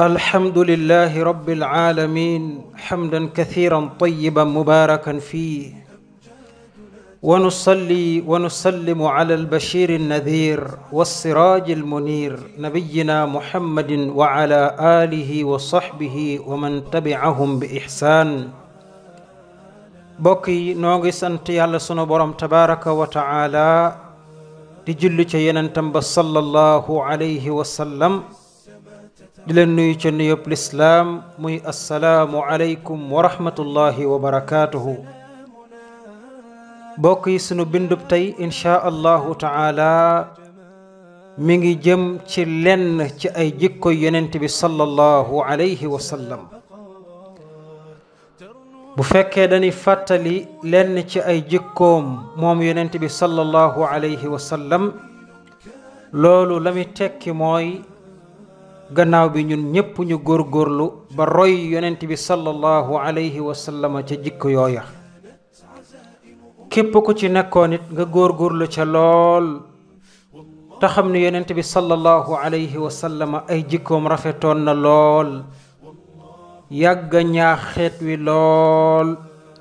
الحمد لله رب العالمين حمدا كثيرا طيبا مباركا فيه ونصلي ونسلم على البشير النذير والسراج المنير نبينا محمد وعلى آله وصحبه ومن تبعهم بإحسان بقي نوغي سنت يالا سونو بروم تبارك وتعالى دي جولي تي يننتم صلى الله عليه وسلم di leen nuyu ci nuyub lislaam muy assalaam aleykum wa rahmatullahi wa barakaatuhu bokk yi sunu bindub tey inchaa allahu taala mi ngi jëm ci lenn ci ay jikko yonent bi sallallahu alayhi fekkee dañuy fàttali lenn ci ay jikkoom moom yonent bi sallallahu alayhi wa sallam loolu la muy tekki mooy gannaaw bi ñun ñépp ñu góorgóorlu ba roy yonent bi sallallahu alayhi wa sallam ca jikko yooya képp ku ci nekkoon it nga góor góorlu ca lool te xam ne yonent bi sallallahu alayhi wa sallam ay jikkoom rafetoon na lool yàgga ñaax xeet wi lool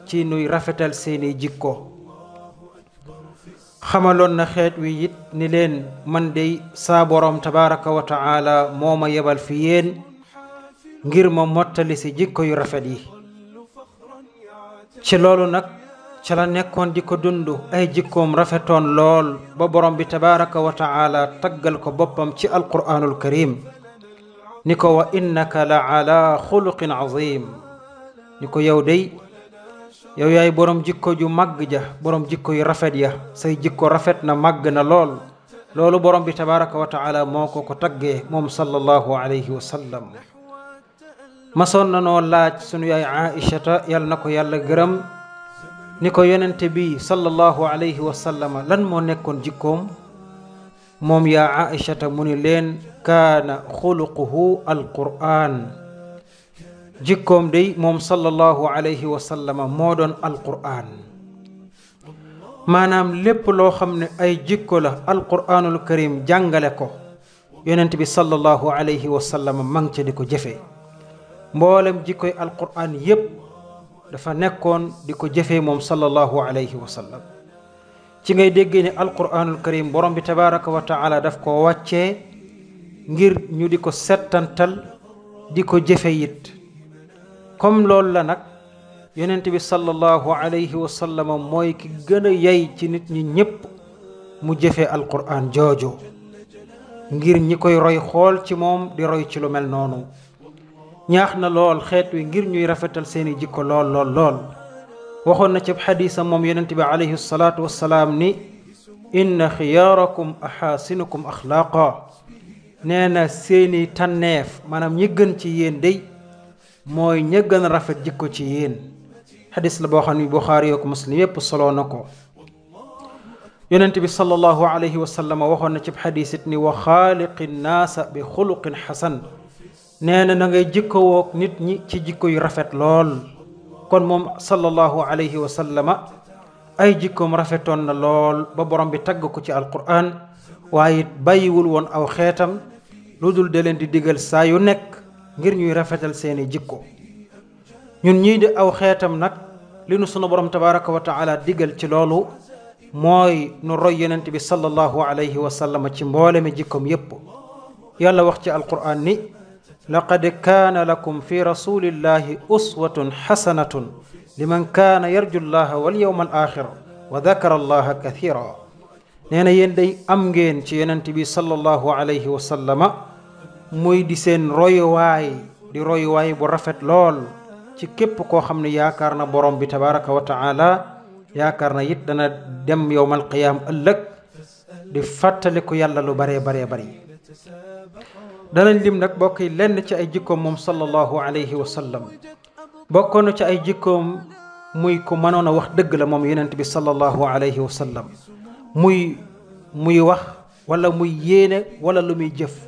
ci nuy rafetal seeni jikko xamaloon na xeet wi it ni leen man dey saa boroom tabaraka wa taala mooma yebal fi yéen ngir ma mottali si jikko yu rafet yi ci loolu nag ca la nekkoon di ko dundu ay jikkoom rafetoon lool ba borom bi tabaraka wa taala taggal ko boppam ci alquraanul karim ni ko wa innaka la ala xuluqin azim ni ko yow dey yow yaay borom jikko ju màgg ja borom jikko yu rafet ya sey jikko rafet na màgg na lool loolu borom bi tabaraka wa taala moo ko ko taggee moom sallallahu alayhi wa sallam masoon na noo laaj sunu yaay aïchata yàlla na ko yàlla gërëm ni ko yonente bi sallallahu alayhi wa sallama lan moo nekkoon jikkoom moom yaa aïchata mu ni leen kaana xuluquhu alquran jikkoom day moom sallallahu alayhi wa sallama moo doon alqur'aan maanaam lépp loo xam ne ay jikko la alqur'aanul karim jàngale ko yonent bi sallallahu alayhi wa sallama mang ca di ko jëfee mboolem jikkoy alqur'aan yépp dafa nekkoon di ko jëfee moom sallallahu alayhi wa sallam ci ngay déggee ne alqur'aanul karim borom bi tabaraka wa taala def ko wàccee ngir ñu di ko settantal di ko jëfe it comme loolu la nag yonent bi sallallahu alayhi wa sallam mooy ki gën a yey ci nit ñi ñépp mu jëfe alquran joojoo ngir ñi koy roy xool ci moom di roy ci lu mel noonu ñaax na lool xeet wi ngir ñuy rafetal seeni jikko lool lool lool waxoon na ci xadiisa moom yonent bi alayhi salaatu wassalaam ni inna xiyaarakum axaasinukum axlaaqa nee na seeni tànneef maanaam ñi gën ci yéen day mooy ña gën a rafet jikko ci yéen xadis la boo xam ne buxaari yook muslim yépp soloo na ko yonent bi sallallahu alayhi wa sallam waxoon na ci xadis it ni wa xaaliqi naasa bi xuluqin xasan nee na na ngay jikko nit ñi ci jikko yu rafet lool kon moom sallallahu alayhi wa sallama ay jikkoom rafetoon na lool ba borom bi tagg ko ci alquran waaye it bàyyiwul woon aw xeetam lu dul da leen di digal saa yu nekk ngir ñuy rafetal seeni jikko ñun ñii di aw xeetam nag li nu sunu borom tabaraka wa taala digal ci loolu mooy nu roy yonent bi sallallahu alayhi wa sallam ci mboolemi jikkom yépp yàlla wax ci alquran ni laqad kaana lakum fi rasulillahi uswatun li liman kaana yarju llaha wal yawma al axira wa dakara allaha kathira nee na am ngeen ci yonent bi sallallahu alayhi wa sallama muy di seen royuwaay di royuwaay bu rafet lool ci képp koo xam ne yaakaar na borom bi tabaraka wa taala yaakaar na it dana dem yowmal qiyaam ëllëg di fàttaliku yàlla lu baree baree bari danañ lim nag bokk yi lenn ci ay jikkoom moom sallallahu alayhi wa sallam bokkoon ci ay jikkoom muy ku mënoon a wax dëgg la moom yonent bi sallallahu alayhi wa sallam muy muy wax wala muy yéene wala lu muy jëf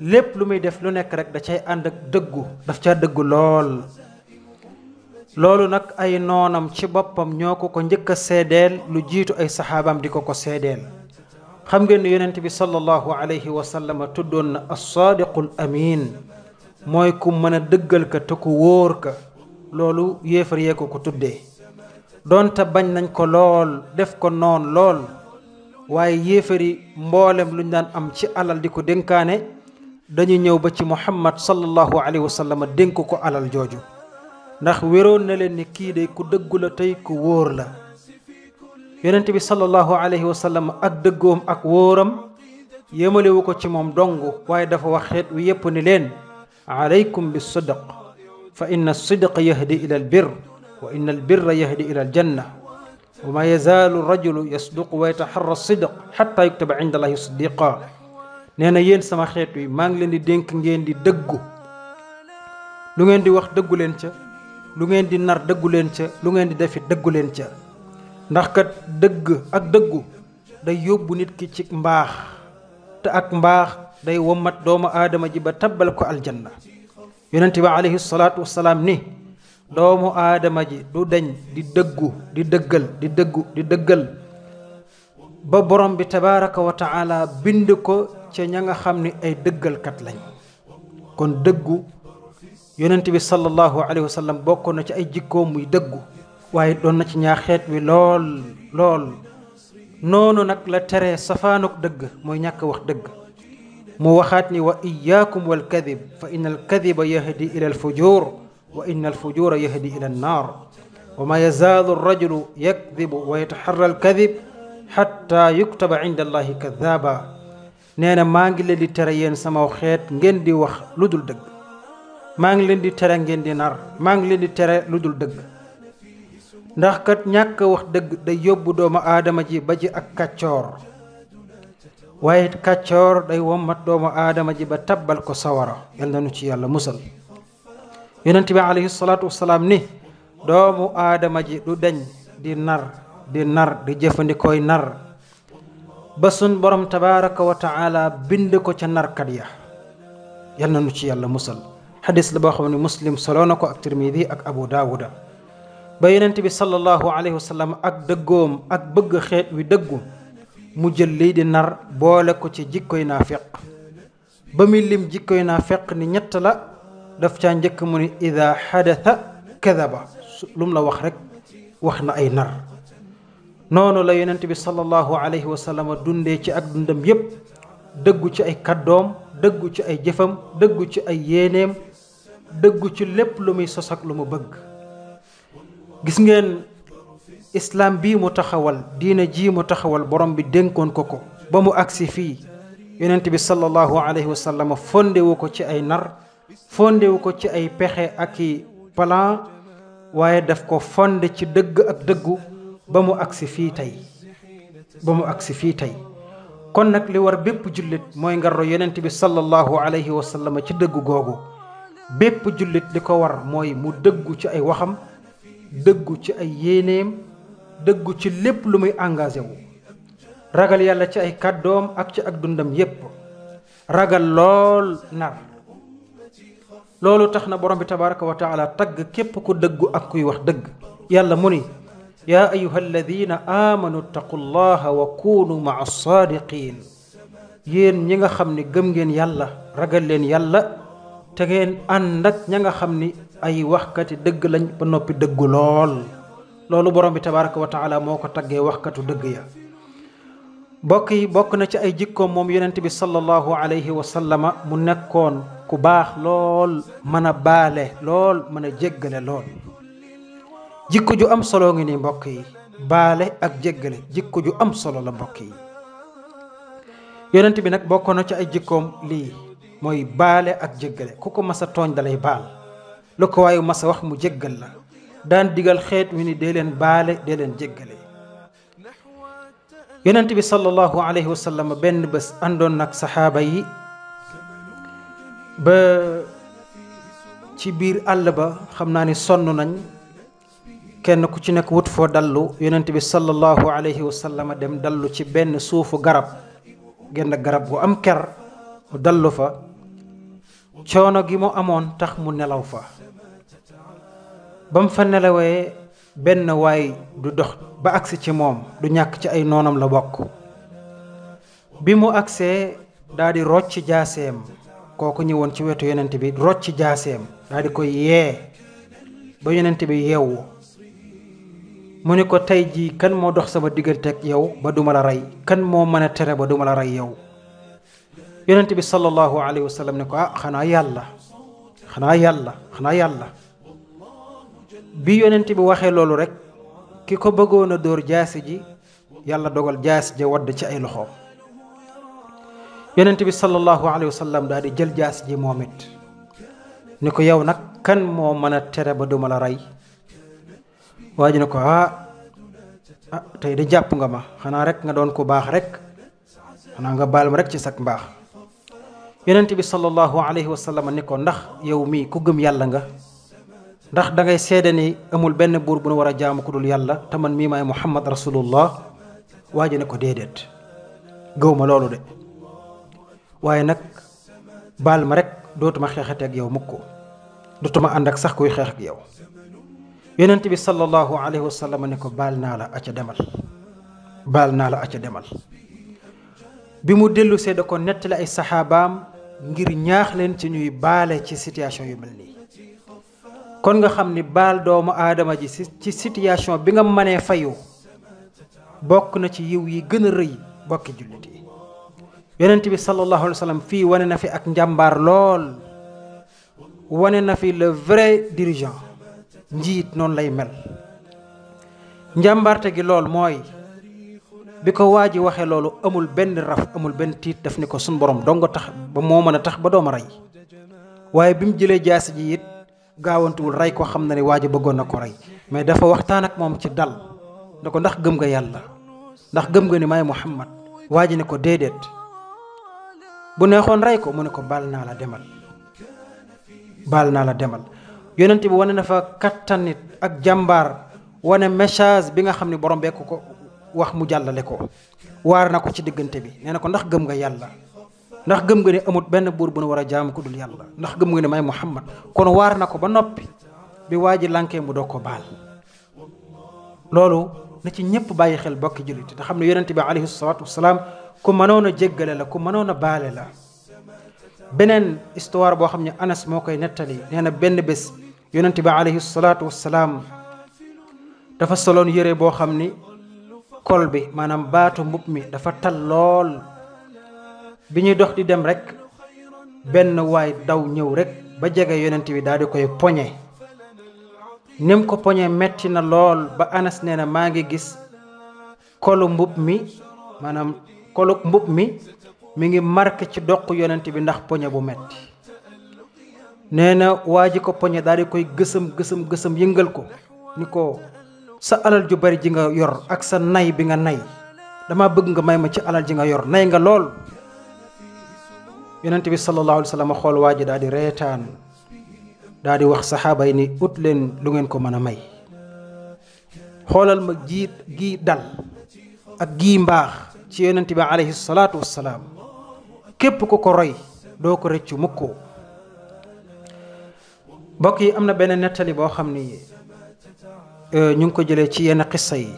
lépp lu muy def lu nekk rek da cay ànd ak dëggu daf ca dëggu lool loolu nag ay noonam ci boppam ñoo ko ko njëkk a seedeel lu jiitu ay saxaabaam di ko ko seedeel xam ngeen ne yonent bi sallallahu alayhi wa sallam tuddoon na as-saadiqul amiin mooy ku mën a dëggal ka te ku wóor ka loolu yéefar yee ko ko tuddee doonte bañ nañ ko lool def ko noon lool waaye yéefari mboolem luñ daan am ci alal di ko dénkaane dañu ñëw ba ci muhammad sallallahu alayhi wa sallam dénk ko alal jooju ndax weroon na leen ni kii day ku dëggu la tey ku wóor la yonent bi sallallahu alayhi wa sallam ak dëggoom ak wóoram yëmalewu ko ci moom dong waaye dafa wax xeet wi yépp ni leen alaykum bi sidq fa inna sidqa yahdi ila albir wa inna albirra yahdi ila aljanna wa ma yazaalu rajulu yasduqu wa yataxarra sidq xatta yuktaba inda allahi siddiqa nee na yéen sama xeet wi maa ngi leen di dénk ngeen di dëggu lu ngeen di wax dëggu leen ca lu ngeen di nar dëggu leen ca lu ngeen di defit dëggu leen ca ndax kat dëgg ak dëggu day yóbbu nit ki ci mbaax te ak mbaax day wommat doomu aadama ji ba tabbal ko aljanna yonente bi alayhi salaatu wasalaam ni doomu aadama ji du deñ di dëggu di dëggal di dëggu di dëggal ba borom bi tabaraka wa bind ko ca ña nga xam ni ay dëggalkat lañ kon dëggu yonent bi sallallahu alayhi wa sallam bokkoon na ci ay jikkoom muy dëggu waaye doon na ci ñaaxeet wi lool lool noonu nag la tere safaanuk dëgg mooy ñàkk wax dëgg mu waxaat ni wa iyaakum wal kadib fa inna al kadiba yahdi ila al fujur wa inna al ila an wa ma yazaalu rajulu yakdibu wa yataxarra al kadib xatta yuktaba inda nee na maa ngi leen di tere yéen sama xeet ngeen di wax lu dul dëgg maa ngi leen di tere ngeen di nar maa ngi leen di tere lu dul dëgg ndax kat ñàkk wax dëgg day yóbbu doomu aadama ji ba ji ak kàccoor waaye kàccoor day wommat doomu aadama ji ba tabbal ko sawara yal na nu ci yàlla musal yonent bi alayhi salaatu ni doomu aadama ji du deñ di nar di nar di jëfandikooy nar ba sun borom tabaraka wa taala bind ko ca narkat ya yal na nu ci yàlla musal xadis la boo xam ne muslim soloo na ko ak tirmidi ak abu daawuda ba yonent bi sallallahu alayhi wa sallam ak dëggoom ak bëgg xeet wi dëggu mu jël lii di nar boole ko ci jikkoy naafiq ba muy lim jikkoy naafiq ni ñett la def caa njëkk mu ni ida xadatha kadaba lu mu la wax rek wax na ay nar noonu la yonent bi sallallahu alayhi wa sallam dundee ci ak dundam yépp dëggu ci ay kaddoom dëggu ci ay jëfam dëggu ci ay yéeneem dëggu ci lépp lu muy sos ak lu mu bëgg gis ngeen islaam bii mu taxawal diina ji mu taxawal borom bi dénkoon ko ko ba mu agsi fii yonent bi sallallahu alayhi wa sallam fondewu ko ci ay nar fondewu ko ci ay pexe ak i plan waaye daf ko fonde ci dëgg ak dëggu ba mu agsi fii tey ba mu agsi fii tey kon nag li war bépp jullit mooy nga roy yonent bi sallallahu alayhi wa sallam ci dëgg googu bépp jullit li ko war mooy mu dëggu ci ay waxam dëggu ci ay yéeneem dëggu ci lépp lu muy engagé wu ragal yàlla ci ay kàddoom ak ci ak dundam yépp ragal lool nar loolu tax na borom bi tabaraka wa taala tagg képp ku dëggu ak kuy wax dëgg yàlla mu ni yaa ayuha alladina amanu taqullaha wa kunu maa saadiqin yéen ñi nga xam ni gëm ngeen yàlla ragal leen yàlla te ngeen ànd ak ña nga xam ni ay waxkati dëgg lañ ba noppi dëggu lool loolu borom bi tabaraka wa taala moo ko taggee waxkatu dëgg ya bokk yi bokk na ci ay jikkoom moom yonent bi sallallahu alayhi wa sallama mu nekkoon ku baax lool mën a baale lool mën a jéggale lool jikko ju am solo ngi ni mbokk yi baale ak jéggale jikko ju am solo la mbokk yi yonent bi nag bokkoon na ci ay jikkoom lii mooy baale ak jéggale ku ko mas a tooñ dalay baal lu ko waayu mas a wax mu jéggal la daan digal xeet wi ni dee leen baale dee leen jéggale yonent bi sallallahu alayhi wa sallam benn bés àndoon nag saxaaba yi ba ci biir àll ba xam naa ni sonn nañ kenn ku ci nekk wut foo dallu yonent bi sallallahu alayhi wa sallam dem dallu ci benn suufu garab genn garab gu am ker mu dallu fa coono gi mu amoon tax mu nelaw fa ba fa nelawee benn waay du dox ba agsi ci moom du ñàkk ci ay noonam la bokk bi mu agsee daa di rocc jaaseem kooku ñëwoon ci wetu yonent bi rocc jaaseem daa di koy yee ba yonent bi yeewu mu ne ko tey jii kan moo dox sama diggante ak yow ba duma la rey kan moo mën a tere ba duma la rey yow yonent bi sallallahu alayhi wa sallam ko ah xanaa yàlla xanaa yàlla xanaa yàlla bi yonent bi waxee loolu rek ki ko bëggoon a dóor jaasi ji yàlla dogal jaasi ji wadd ci ay loxo yonent bi sallallahu alayhi wa sallam daal di jël jaasi ji moom it ni ko yow nag kan moo mën a tere ba duma la rey waa ji ne ko ah ah tey de jàpp nga ma xanaa rek nga doon ko baax rek xanaa nga baal ma rek ci sag mbaax yonent bi sallallahu alayhi wa sallam ni ko ndax yow mii ku gëm yàlla nga ndax dangay ngay ni amul benn buur bu nu war a jaamu ku dul yàlla te man mii maay muhammad rasulullah waa ji ne ko déedéet gëw ma loolu de waaye nag baal ma rek dootuma xeexate ak yow mukk dootuma ànd ak sax kuy xeex ak yow yonent bi sallallahu alayhi wa sallam ne ko baal naa la aca demal baal naa la aca demal bi mu dellu see da ko nettali ay saxaabaam ngir ñaax leen ci ñuy baale ci situation yu mel nii kon nga xam ni baal doomu aadama ji ci situation bi nga manee fayu bokk na ci yiw yi gën a rëy bokki jullit yi yonent bi sallallahu alayhi wa fii wane na fi ak njàmbaar lool wane na fi le vrai dirigeant njiit noonu lay mel njàmbarte gi lool mooy bi ko waa ji waxee loolu amul benn raf amul benn tiit daf ne ko suñ borom dongo tax ba moo mën a tax ba dooma rey waaye bi mu jëlee jaasi ji it gaawantuwul rey ko xam na ne waa ji bëggoon na ko rey mais dafa waxtaan ak moom ci dal ne ko ndax gëm nga yàlla ndax gëm nga ni maay Muhammad waa ji ne ko déedéet bu neexoon rey ko mu ne ko baal naa la demal baal naa la demal yonent bi wane na fa kattan ak jàmbaar wane mechage bi nga xam ne borom bekk ko wax mu jàllale ko waar na ko ci diggante bi nee na ko ndax gëm nga yàlla ndax gëm nga ne amut benn buur bu nu war a jaamu ku dul yàlla ndax gëm nga ne may Muhammad kon waar na ko ba noppi bi waa ji lànkee mu doo ko baal loolu na ci ñëpp bàyyi xel bokki jullit te xam ne yonent bi alayhi salaatu wasalaam ku mënoon a jéggale la ku mënoon a baale la beneen histoire boo xam ne Anas moo koy nettali nee benn bés yonent bi alayhi salaatu wassalaam dafa soloon yére boo xam ni kol bi maanaam baatu mbub mi dafa tal lool bi ñuy dox di dem rekk benn waay daw ñëw rek ba jege yonent bi daal di koy poñe nim ko poñe metti na lool ba anas nee na maa ngi gis kolu mbub mi maanaam kolu mbub mi mu ngi mark ci doq yonent bi ndax poñe bu metti nee na waa ji ko poñe daal di koy gësëm gësëm gësëm yëngal ko ni ko sa alal ju bari ji nga yor ak sa nay bi nga nay dama bëgg nga may ma ci alal ji nga yor nay nga lool yonent bi sallallahu alayhi wa sallam xool waa ji daal di reetaan daal di wax saxaaba yi ni leen lu ngeen ko mën a may xoolal ma jiit gii dal ak gii mbaax ci yonent bi alayhi salaatu wassalaam képp ku ko roy doo ko rëccu mukk mbokk yi am na benn nettali boo xam ni euh, ñu ngi ko jëlee ci yenn xissa yi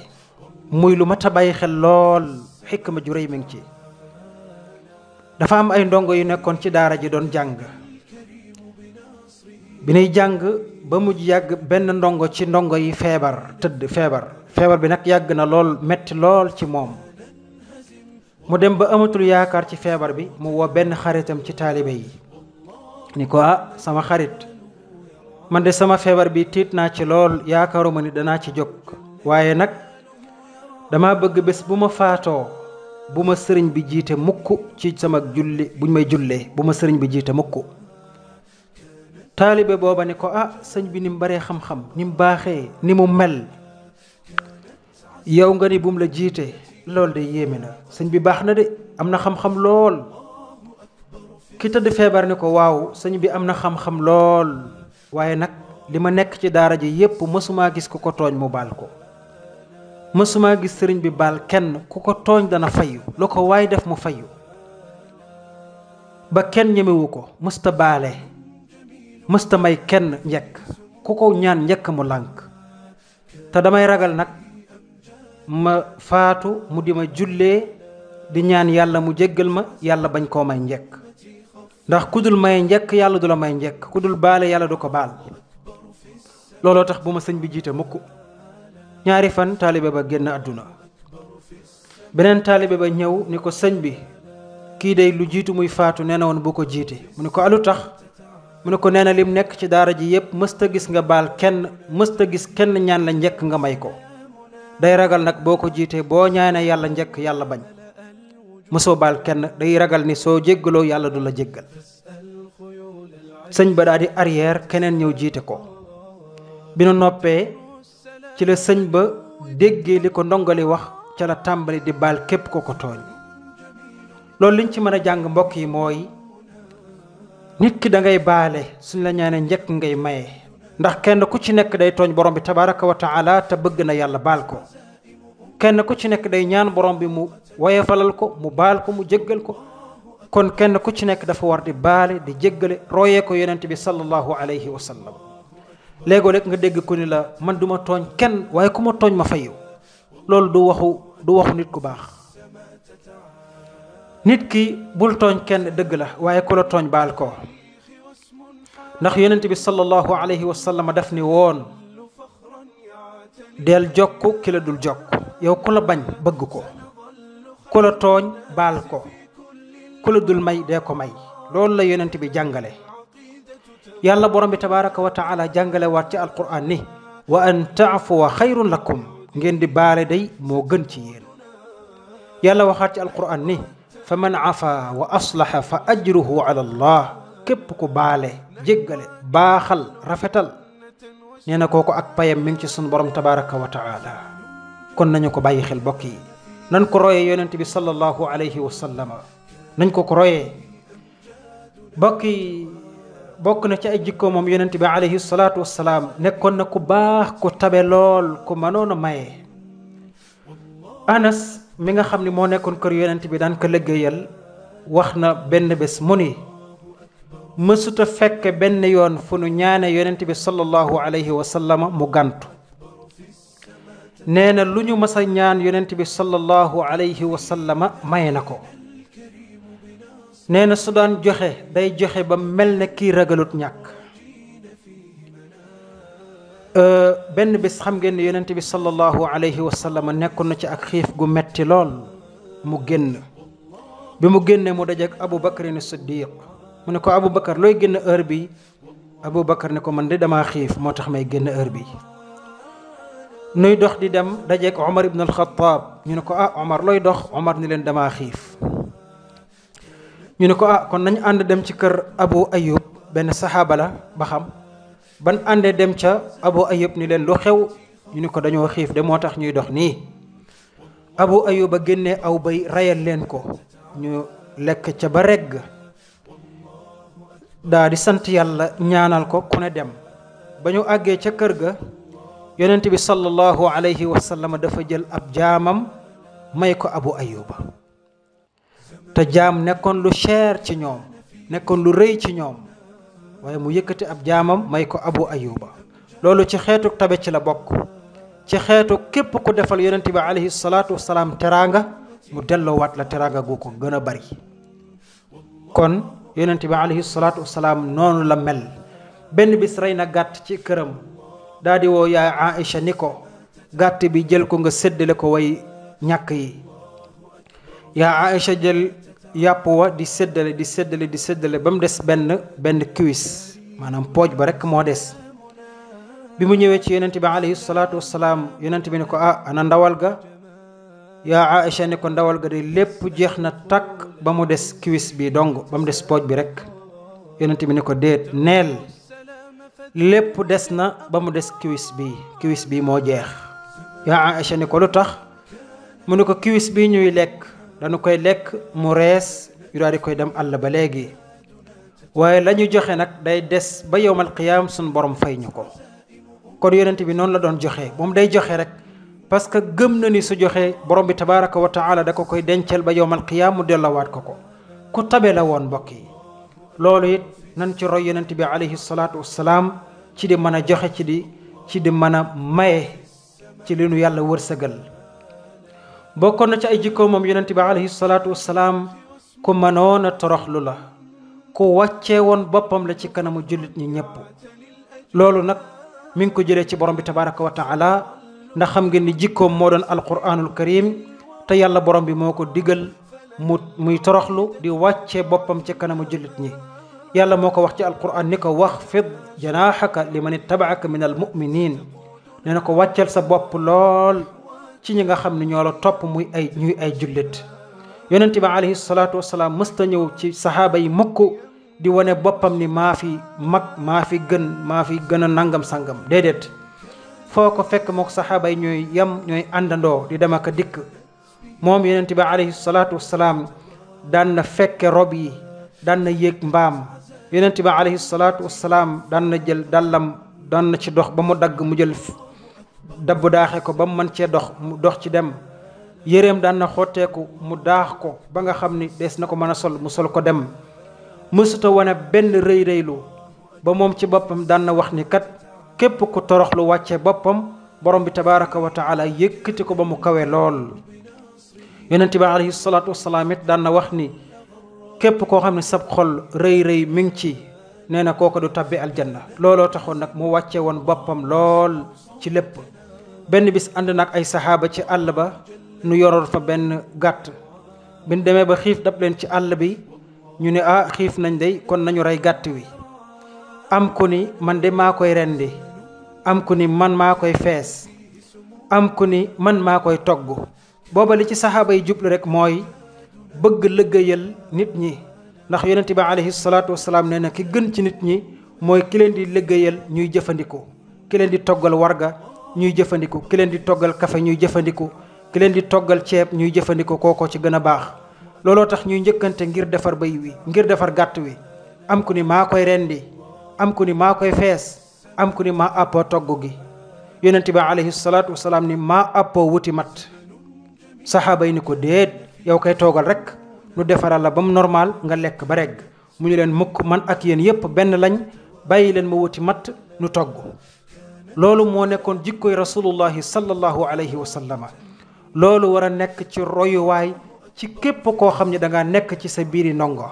muy lu mat a bàyyi xel lool xekk ma rëy mi ngi ci dafa am ay ndongo yu nekkoon ci daara ji doon jàng bi nuy jàng ba mujj yàgg benn ndongo ci ndongo yi feebar tëdd feebar feebar bi nag yàgg na lool metti lool ci moom mu dem ba amatul yaakaar ci feebar bi mu woo benn xaritam ci taalibe yi ni ko ah sama xarit man de sama feebar bi tiit naa ci lool yaakaaruma ni danaa ci jóg waaye nag dama bëgg bés bu ma faatoo bu ma sëriñ bi jiite mukk ci sama julli buñ may jullee bu ma sëriñ bi jiite mukk taalibe booba ni ko ah sëñ bi ni mu baree xam-xam ni mu baaxee ni mu mel yow nga ni bu la jiite lool de yéeme na sëñ bi baax na de am na xam-xam lool ki tëdd feebar ni ko waaw sëñ bi am na xam-xam lool waaye nag li ma nekk ci daara ji yépp mësumaa gis ku ko tooñ mu baal ko mësumaa gis sëriñ bi baal kenn ku ko tooñ dana fayu lu ko waaye def mu fayu ba kenn ñemewu ko mësta baale mësta may kenn njekk ku ko ñaan njëkk mu lànk te damay ragal nag ma faatu mu di ma jullee di ñaan yàlla mu jéggal ma yàlla bañ koo may njekk ndax ku dul may njekk yàlla du la may njekk ku dul baale yàlla du ko baal looloo tax bu ma sëñ bi jiite mukk ñaari fan taalibe ba génn àdduna beneen taalibe ba ñëw ni ko sëñ bi kii day lu jiitu muy faatu nee na woon bu ko jiite mu ne ko alu tax mu ne ko nee na lim nekk ci daara ji yépp mësta gis nga baal kenn mësta gis kenn ñaan la njëkk nga may ko day ragal nag boo ko jiitee boo ñaanee yàlla njekk yàlla bañ mësoo baal kenn day ragal ni soo jéggaloo yàlla du la jéggal sëñ ba daal di arrière keneen ñëw jiite ko bi nu noppee ci la sëñ ba déggee li ko ndongali wax ca la tàmbali di baal képp ko ko tooñ loolu liñ ci mën a jàng mbokk yi mooy nit ki da ngay baale suñ la ñaanee njëkk ngay maye ndax kenn ku ci nekk day tooñ borom bi tabaraka wa taala te bëgg na yàlla baal ko kenn ku ci nekk day ñaan borom bi mu woyefalal ko mu baal ko mu jéggal ko kon kenn ku ci nekk dafa war di baale di jéggale royee ko yonent bi sallallahu alayhi wa sallam léegoo rek nga dégg ku ni la man du tooñ kenn waaye ku ma tooñ ma fayu loolu du waxu du waxu nit ku baax nit ki bul tooñ kenn dëgg la waaye ku la tooñ baal ko ndax yonent bi sallallahu alayhi wa sallam daf ni woon del jokk ki la dul jokk yow ku la bañ bëgg ko ku la tooñ baal ko ku la dul may dee ko may loolu la yonent bi jàngale yàlla borom bi tabaraka wa taala jàngale waat ci alquran ni wa an taafuwa xayrun lakum ngeen di baale day moo gën ci yéen yàlla waxaat ci alquran ni fa man afa wa aslaha fa ajruhu ala allah képp ku baale jéggale baaxal rafetal nee na kooku ak payam mi ngi ci sun borom tabaraka wa taala kon nañu ko bàyyi xel bokk yi nañ ko royee yonent bi sallallahu alayhi wa sallam nañ ko ko royee bokk yi bokk na ci ay jikko moom yonent bi alayhi salaatu wasalaam nekkoon na ku baax ku tabe lool ku mënoon a maye anas mi nga xam ni moo nekkoon kër yonent bi daan ko liggéeyal wax na benn bés mu ni mësuta fekk benn yoon fu nu ñaane yonent bi sallallahu alayhi wa mu gàntu nee na lu ñu mës a ñaan yonent bi sallallahu alayhi wa sallama may na ko nee na su daan joxe day joxe ba mel ne kii ragalut ñàkk benn bis xam ngeen ne yonent bi sallallahu alayhi wa sallama nekkoon na ci ak xiif gu metti lool mu génn bi mu génnee mu dajeek Abu Bakrin Siddiq mu ne ko Abu Bakar looy génn heure bi Abu Bakar ne ko man de damaa xiif moo tax may génn heure bi nuy dox di dem dajeek Omar ibn al ñu ne ko ah Omar looy dox Omar ni leen damaa xiif ñu ni ko ah kon nañ ànd dem ci kër Abu Ayyub benn saxaaba la ba xam ban àndee dem ca Abu Ayyub ni leen lu xew ñu ni ko dañoo xiif de moo tax ñuy dox nii Abu Ayyub a génnee aw bay rayal leen ko ñu lekk ca ba regg daa di sant yàlla ñaanal ko ku ne dem ba ñu àggee ca kër ga yonent bi sallallahu alayhi wa dafa jël ab jaamam may ko abu ayuba te jaam nekkoon lu cher ci ñoom nekkoon lu rëy ci ñoom waaye mu yëkkati ab jaamam may ko abu ayuba loolu ci xeetu tabe ci la bokk ci xeetu képp ku defal yonent bi alayhi salaatu wasalaam teraanga mu delloowaat la teraanga gu ko gën a bari kon yonent bi alayhi salaatu wasalaam noonu la mel benn bis rey na gàtt ci këram daa di woo yaay Aïcha ni ko gàtt bi jël ko nga séddale ko way ñàkk yi yaa Aïcha jël yàpp wa di séddale di séddale di séddale ba mu des benn benn cuisse maanaam pooj ba rek moo des bi mu ñëwee ci yenent bi alayhi salaatu wasalaam yenent bi ne ko ah ana ndawal ga yaa Aïcha ne ko ndawal ga de lépp jeex na takk ba mu des cuisse bi dong ba mu des pooj bi rek yonent bi ne ko déet neel lépp des na ba mu des kiwis bi kiwis bi moo jeex yaa Aïcha ni ko lu tax mu ne ko kiwis bi ñuy lekk dañu koy lekk mu rees yu daal di koy dem àll ba léegi waaye lañuy joxe nag day des ba yowmal qiyaam suñ borom fay ñu ko kon yonent bi noonu la doon joxe moom day joxe rek parce que gëm na ni su joxe borom bi tabaaraka wa da ko koy denceel ba yowmal qiyaam mu dellowaat ko ko ku tabe la woon mbokk yi loolu it nan ci roy yonent bi alayhi salaatu wassalaam ci di mën a joxe ci di ci di mën a maye ci li nu yàlla wërsëgal bokkoon na ci ay jikko moom yonent bi alayhi salaatu wassalaam ku mënoon a toroxlu la ku wàccee woon boppam la ci kanamu jullit ñi ñëpp loolu nag mi ngi ko jëlee ci borom bi tabaraka wa taala ndax xam ngeen ni jikkoom moo doon alquranul karim te yàlla borom bi moo ko digal muy toroxlu di wàccee boppam ci kanamu jullit ñi yàlla moo ko wax ci alquran ni ko wax fid janaahaka li man ittabaaka min almuminin nee na ko wàcceel sa bopp lool ci ñi nga xam ne ñoo la topp muy ay ñuy ay jullit yonent bi alayhi salaatu wasalaam mësta ñëw ci sahaaba yi mukk di wane boppam ni maa fi mag maa fi gën maa fi gën a nangam sangam déedéet foo ko fekk mook saxaaba yi ñooy yem ñooy àndandoo di dem ak dikk moom yonent bi alayhi salaatu wasalaam daan na fekke rob yi daan na yéeg mbaam yonent bi alayhi salaam wasalaam daan na jël dàllam daan na ci dox ba mu dagg mu jël dabb daaxe ko ba mu man cee dox mu dox ci dem yéreem daan na xotteeku mu daax ko ba nga xam ni des na ko mën a sol mu sol ko dem mësuta wane benn rëy rëylu ba moom ci boppam daan na wax ni kat képp ku toroxlu wàcce boppam borom bi tabaraka wa taala yëkkati ko ba mu kawe lool yonent bi alayhi salaatu wasalaam it daan na wax ni képp koo xam ne sab xol rëy rëy mi ngi ci nee na kooku du tabbi aljanna looloo taxoon nag mu wàcce woon boppam lool ci lépp benn bis ànd nag ay saxaaba ci àll ba nu yoroon fa benn gàtt biñ demee ba xiif dab leen ci àll bi ñu ne ah xiif nañ dey kon nañu rey gàtt wi am ku ni man de maa koy rendi am ku ni man maa koy fees am ku ni man maa koy togg booba li ci saxaaba yi jublu rek mooy bëgg lëggéeyal nit ñi ndax yonente bi alayhi salaatu wasalaam nee na ki gën ci nit ñi mooy ki leen di lëggéeyal ñuy jëfandiku ki leen di toggal warga ñuy jëfandiku ki leen di toggal kafe ñuy jëfandiku ki leen di toggal ceeb ñuy jëfandiku kooko ci gën a baax looloo tax ñuy njëkkante ngir defar bay wi ngir defar gàtt wi am ku ni maa koy rendi am ku ni maa koy fees am ku ni maa àppoo togg gi yonente bi alayhi salaatu wasalaam ni maa àppoo wuti mat saxaaba yi ni ko déet yow koy toogal rek nu defaral la ba mu normal nga lekk ba regg mu ñu leen mukk man ak yéen yépp benn lañ bàyyi leen ma wuti matt ñu togg loolu moo nekkoon jikkoy rasulullahi sallallahu alayhi wa sallama loolu war a nekk ci royuwaay ci képp koo xam ne dangaa nekk ci sa biir yi ndongo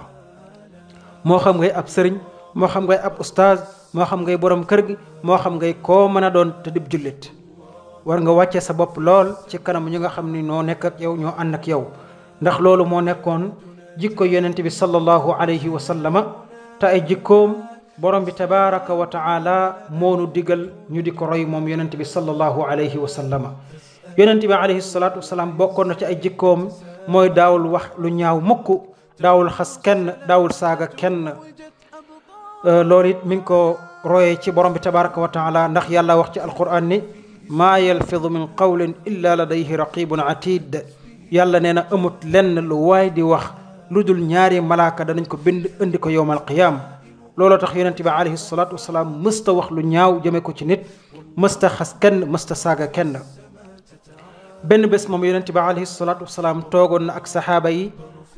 moo xam ngay ab sëriñ moo xam ngay ab ustaaz moo xam ngay borom kër gi moo xam ngay koo mën a doon te dib jullit war nga wàcce sa bopp lool ci kanam ñu nga xam ni noo nekk ak yow ñoo ànd ak yow ndax loolu moo nekkoon jikko yonent bi sallallahu alayhi wa sallama te ay jikkoom borom bi tabaraka wa taala moonu digal ñu di ko roy moom yonent bi sallallahu alayhi wa sallama yonent bi alayhi salaatu bokkoon na ci ay jikkoom mooy daawul wax lu ñaaw mukk daawul xas kenn daawul saaga kenn euh, loolu it mi ngi ko royee ci borom bi tabaraka wa taala ndax yàlla wax ci alquran ni maa yalfidu min qawlin illa ladayhi raqibun atid yàlla nee na amut lenn lu waaye di wax lu dul ñaari malaaka danañ ko bind indi ko yowmal qiyaam looloo tax yonente bi alayhi salaatu wasalaam mësta wax lu ñaaw jëme ko ci nit mësta xas kenn mësta saaga kenn benn bés moom yonente bi alayhi salaatu wasalaam toogoon na ak saxaaba yi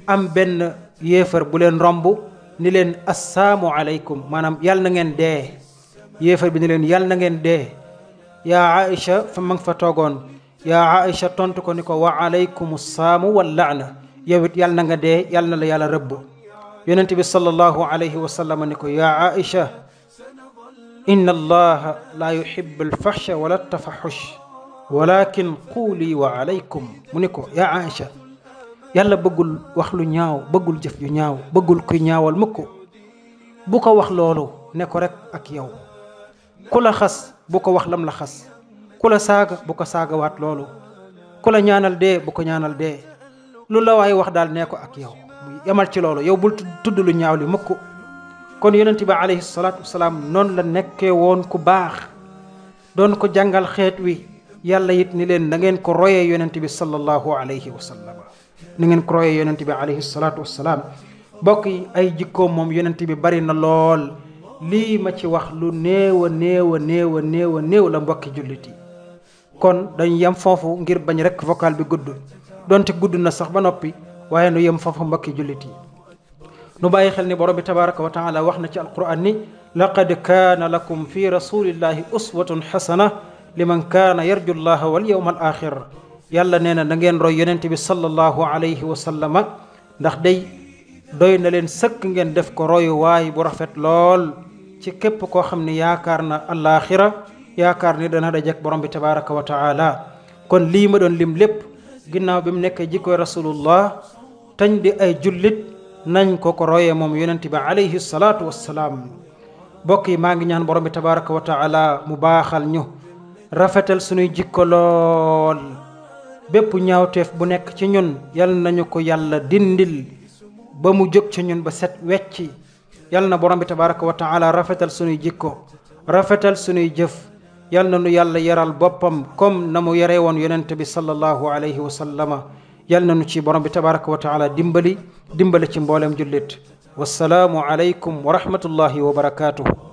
am benn yéefar bu leen romb ni leen assalaamu aleykum maanaam yàlla na ngeen dee yéefar bi ni leen yàlla na ngeen dee yaa Aïcha fa mag fa toogoon yaa Aïcha tontu ko ni ko wa alaykum saamu wa laana yow it yal na nga dee yal na la yàlla rëbb yonent bi sallallahu alayhi wa sallam ni ko yaa Aïcha inna allaha laa yuhibbu alfahsha wala altafahush walakin quuli wa alaykum mu ni ko yaa Aïcha yàlla bëggul wax lu ñaaw bëggul jëf ju ñaaw bëggul kuy ñaawal mukk bu ko wax loolu ne ko rek ak yow ku la xas bu ko wax lam la ku la saaga bu ko saagawaat loolu ku la ñaanal dee bu ko ñaanal dee lu la waaye wax daal nee ko ak yow yamal ci loolu yow bul tudd lu ñaaw li mukk kon yonent bi alayhi salaatu wasalaam noonu la nekkee woon ku baax doon ko jàngal xeet wi yàlla yit ni leen na ngeen ko royee yonent bi sallallahu alayhi wa sallam na ngeen ko royee bi alayhi salaatu wasalaam bokk yi ay jikkoom moom yonent bi bari na lool lii ma ci wax lu néew a néew a néew a néew a la mbokki jullit yi kon dañu yem foofu ngir bañ rekk vocal bi gudd donte gudd na sax ba noppi waaye nu yem foofu mbokki jullit yi nu bàyyi xel ni borom bi tabaraka wa taala wax na ci alquran ni laqad kaana lakum fi rasulillahi uswatun xasana man kaana yarju llaha wal yawma al axir yàlla nee na da ngeen roy yonent bi sallallahu alayhi wa sallama ndax day doy na leen sëkk ngeen def ko royu waaye bu rafet lool ci képp koo xam ne yaakaar na alaaxira yaakaar ni a dajeek borom bi tabaraka wa taala kon lii ma doon lim lépp ginnaaw bi mu nekkee jikkoy rasulullah tañ di ay jullit nañ ko ko royee moom yonent ba alayhi salaatu wassalaam mbokk yi maa ngi ñaan borom bi tabaraka wa mu baaxal ñu rafetal suñuy jikko lool bépp ñaawteef bu nekk ci ñun yal nañu ko yalla dindil ba mu jóg ci ñun ba set wecci yal na borom bi tabaraka wa taala rafetal suñuy jikko rafetal suñuy jëf yal na nu yàlla yaral boppam comme na mu yare woon yonente bi sallallahu alayhi wa sallama yal na nu ci borom bi tabaraka wa taala dimbali dimbali ci mboolem jullit wassalaamu alaykum wa rahmatullahi wa barakatuhu